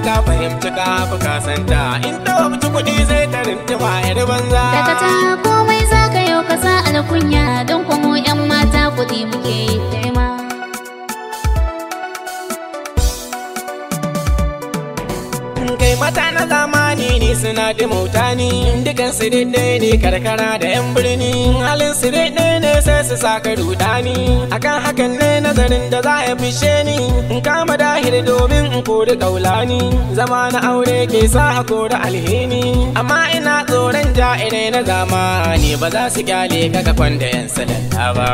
ta fahimci ka fi kasanta in ta wabci kuɗi zai ta rintima yar banza daga ta komai za ka yau ka sa alkunya don kwamo 'yan mata kuɗi muke zamani ni suna da mautani dukan su daidai ne karkara da yan birni halin su daidai ne sai su saka ni akan hakan ne nazarin da za a fishe ni in kama dahir domin in kori daulani. zama na aure ke sa a kori alhini amma ina tsoron ja'irai na zamani ba za su kyale ka kafan da yan salanta ba.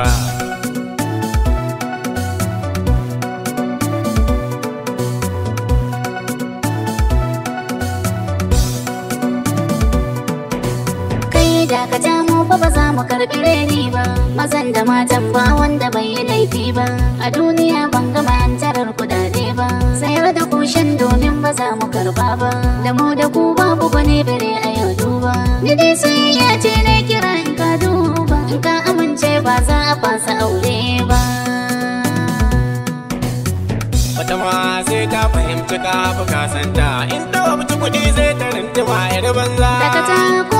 dakata mu fa ba za mu karɓi reni ba mazan da matan ba wanda bai yi laifi ba a duniya ban gama an tarar kudade ba sayar da kushen domin ba za mu karba ba da mu da ku babu bane bere a yau duba ni dai soyayya ce ne kira in ka duba in ka amince ba za a fasa aure ba wata ma sai ta fahimci ka fi kasanta in ta kuɗi zai ta rintima yar banza dakata ko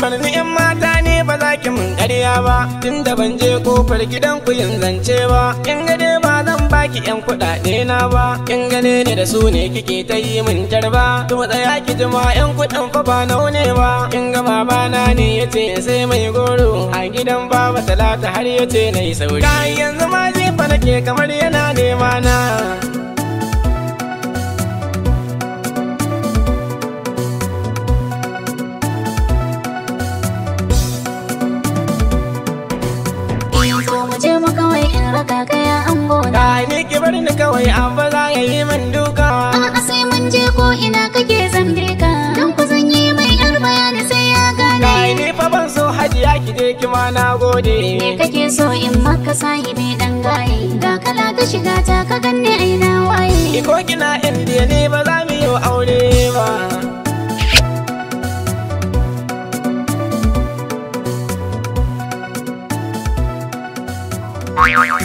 Barni yan mata ne ba za ki mun ƙarya ba Tun da ban je kofar gidan ku yin zance ba In gane ba zan baki yan kuɗaɗe na ba In gane ne da su ne kike ta yi min jarba To tsaya ki jima yan kuɗin fa ba naune ba In ga na ne ya ce sai mai goro A gidan baba talata har ya ce na yi sauri Kayan yanzu ma jefa nake kamar yana nema na ni kawai abba baza ya yi min duka a'a sai mun je ko ina kake zambe ka don ku zan yi mai yar bayani sai ya gane kai ni fa ban so hajiya ki je ki ma na gode me kake so in maka sahibi dan gaye Da kala ka shiga ta ka a aina waye iko kina indiya ne ba za mu yi aure ba oi.